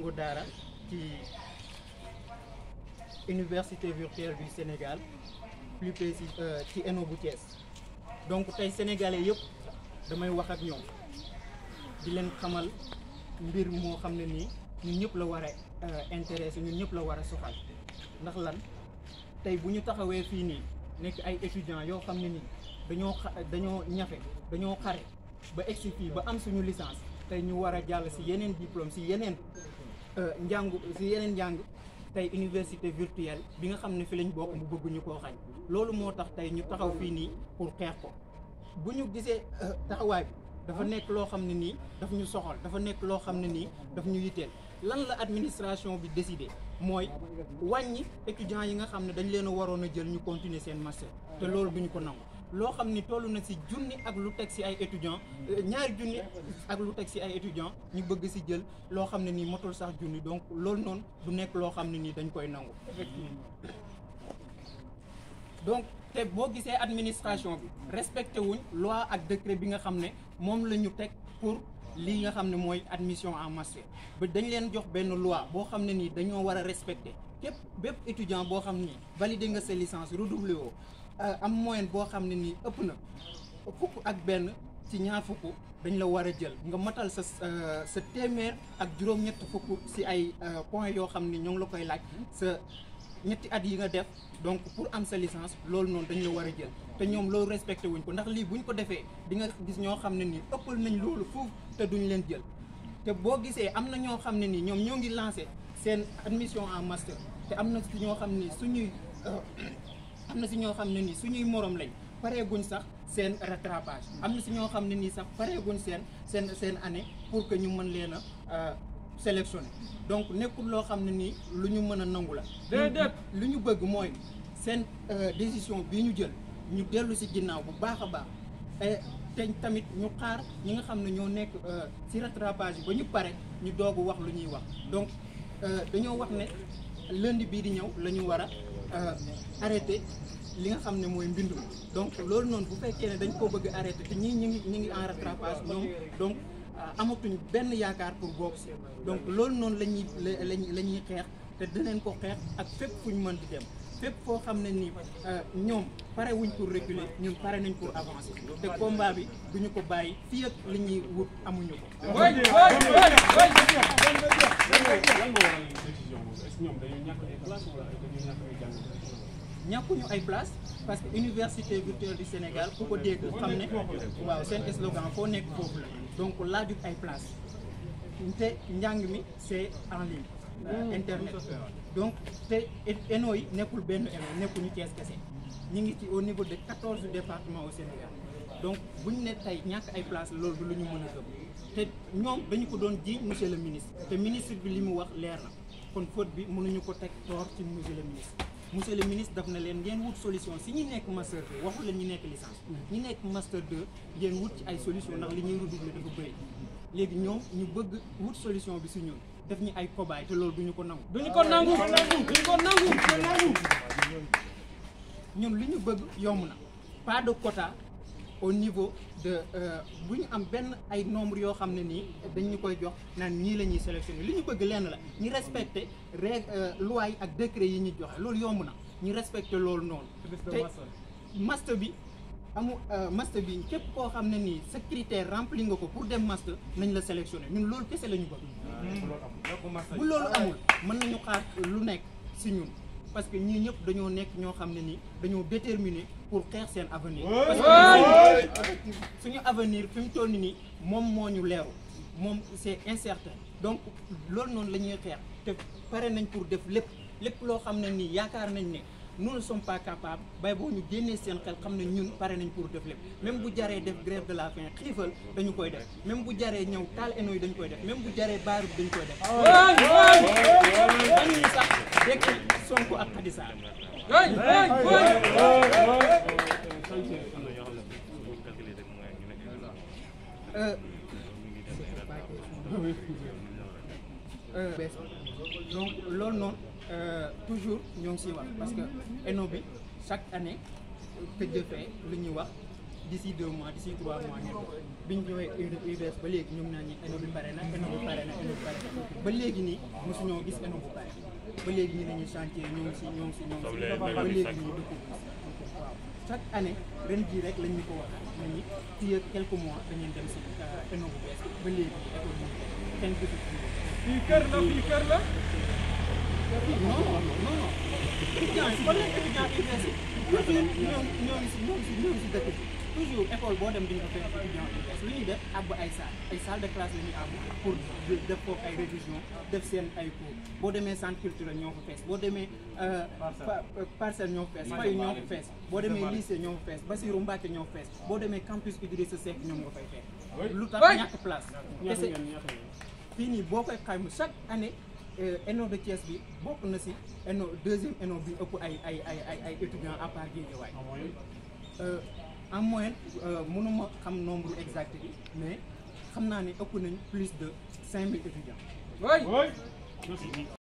ndongo daara ci université virtuelle du Sénégal plus précis euh, ci ENO bu Thiès donc tey sénégalais yëpp damay wax ak ñoom di leen xamal mbir moo xam ne nii ñu ñëpp la war a euh, intéressé ñun ñëpp la war a soxal ndax lan tey bu ñu taxawee fii nii nekk ay étudiants yoo xam ne nii dañoo xa dañoo ñafe dañoo xare ba egsi ba am suñu licence tey ñu war a jàll si yeneen diplôme si yeneen Euh, njàngu si yeneen njàng tey université virtuelle bi nga xam ne fi lañ bokk mu bëgg ñu koo xañ loolu moo tax tey ñu taxaw fii nii pour xeex ko bu ñu gisee euh, taxawaay bi dafa nekk loo xam ne nii dafa ñu soxal dafa nekk loo xam ne nii daf ñu yitteel lan la administration bi décidé mooy wàññi étudiants yi nga xam ne dañ leen a waroon a jël ñu continuer seen marché te loolu bu ñu ko nangu loo xam ni toll na si junni ak lu teg si ay étudiants euh, ñaari junni ak lu teg si ay étudiants ñu bëgg si jël loo xam ne nii motul sax junni donc loolu noonu du nekk loo xam ne nii dañ koy nangu effectivement donc te boo gisee administration bi respecté wuñ loi ak décret bi nga xam ne moom la ñu teg pour lii nga xam ne mooy admission en master ba dañ leen jox benn loi boo xam ne nii dañoo war a respecté képp bépp étudiant boo xam ni validé nga sa licence redoublé woo Euh, am moyenne boo xam ne nii ëpp na fukk ak benn ci ñaar fukk dañ la war a jël nga matal sa euh, sa téeméer ak juróom-ñett fukk si ay euh, points yoo xam ne ñoo la koy laaj sa ñetti at yi nga def donc pour am sa licence loolu noonu dañ la war a jël te ñoom loolu respecté wuñ ko ndax lii buñ ko defee di nga gis ñoo xam ne nii ëppal nañ loolu foofu te duñu leen jël te boo gisee am na ñoo xam ne nii ñoom ñoo ngi lancé seen admission en master te am na ñoo xam ne suñuy am na si ñoo xam ne nii suñuy morom lañ pareeguñ sax seen rattrapage am na si ñoo xam ne nii sax pareeguñ seen seen seen année pour que ñu mën leen a euh, sélectionné donc nekkul loo xam ne nii lu ñu mën a nangu la déedéet lu ñu bëgg mooy seen euh, décision bi ñu jël ñu dellu si ginnaaw bu baax a baax te tamit ñu xaar ñi nga xam ne ñoo nekk euh, si rattrapage ba ñu pare ñu doog wax lu ñuy wax donc dañoo wax ne lënd bii di ñëw la ñu war a euh, arrêté li nga xam ne mooy mbindu donc loolu noonu bu fekkee ne dañ koo bëgg arrêté te ñii ñu ngi ñu ngi en rattrapage ñoom donc euh, amatuñ benn yaakaar pour bokk si donc loolu noonu la ñuy la ñuy la ñuy xeex te dinañ ko xeex ak fépp fu ñu mën di dem. fépp foo xam ne nii ñoom pare wuñ pour reculer ñu pare nañ pour avancer te combat bi duñu ko bàyyi fii li ñuy wut amuñu ko. ñàkkuñu ay place parce que université virtuelle du Sénégal ku ko dégg xam ne waaw seen slogan foo nekk foofu la donc laajut ay place te njàng mi c'est en ligne. Euh, internet donc te ENO yi nekkul benn ENO nekkuñu Thiès kese ñu ngi ci au niveau de quatorze départements au Sénégal donc bu ñu ne tey ñàkk ay place loolu lu ñu mën a gëm te ñoom dañu ko doon jiiñ monsieur le ministre te ministre bi li mu wax leer na kon faute bi mënuñu ko teg toor ci monsieur le ministre monsieur le ministre daf na leen ngeen wut solution si ñu nekk master 2 waxu leen ñi nekk licence ñi nekk master de ngeen wut ci ay solution ndax li ñuy redoubler dafa bëri léegi ñoom ñu bëgg wut solution bi si ñun def ñu ay cobaye te loolu duñu ko nangu duñu ko nangu duñu ko nangu ñun li ñu bëgg yomb na pas de quota au niveau de euh, bu ñu am benn ay nombre yoo xam ne nii dañu koy jox naan ñii la ñuy sélectionné li ñu bëgg lenn la ñu respecté ré euh, loi ak décret yi ñu joxe loolu yomb na ñu respecté loolu noonu te master bi amu euh, master bi képp koo xam ne nii sa critère nga ko pour dem master nañ la sélectionné ñun loolu kese la ñu bëgg bu loolu amul mën nañu xaar lu nekk si ñun parce que ñii ñëpp dañoo nekk ñoo xam ne nii dañoo déterminé pour xeex seen avenir parce que suñu avenir fi mu toll nii moom moo ñu leeru moom c'est incertain donc loolu noonu la ñuy xeex te pare nañ pour def lépp lépp loo xam ne nii yaakaar nañ ne nous ne sommes pas capables bay boo ñu génnee seen xel xam ne ñun pare nañ pour def lépp même bu jaree def grève de la faim xiifal dañu koy def même bu jaree ñëw taal eno yi dañu koy def même bu jaree baarub dañu koy def ah dañuy sax dekk Sonko ak Khady Sarr euh Euh, bees donc loolu noonu euh, toujours ñoo ngi siy wax parce que ENO bi chaque année que jëfee lu ñuy wax d'ici deux mois d'ici trois mois ñett bi ñu ñëwee UBS ba léegi ñoom naa ñi ENO bi bare na ENO bi pare na ENO bi pare na ba léegi nii mosuñoo gis ENO bu pare ba léegi ñu dañuy chantier ñoo ngi si ñoo ngi si ñoo ngi si ba léegi ñu dëkk chaque année ren jii rek lañu ko wax nañu fii quelques mois dañuy dem si ENO euh, bu ba léegi école bi kenn gisul fii kër la fii kër boo dem di nga fekk étudiants yi bees lu ñuy def àbb ay salle ay salle de classe la ñuy pour def foofu ay révision def seen ay cours boo demee centre culturel ñoo ko fees boo demee. parcelle ñoo fees fayu ñoo fees boo demee lycée ñoo fees Bassirou Mbacké fees boo demee campus Idrissa Seck ñoo nga fay fees. lu tax ñàkk place. fii nii boo koy xayma chaque année ENO euh, de Thiès bi bokk na si ENO deuxième ENO bi ëpp ay ay ay ay étudiants à part Guédiawaye en moyenne euh, euh, mënuma xam nombre exact bi mais xam naa ni ëpp nañ plus de cinq mille étudiants.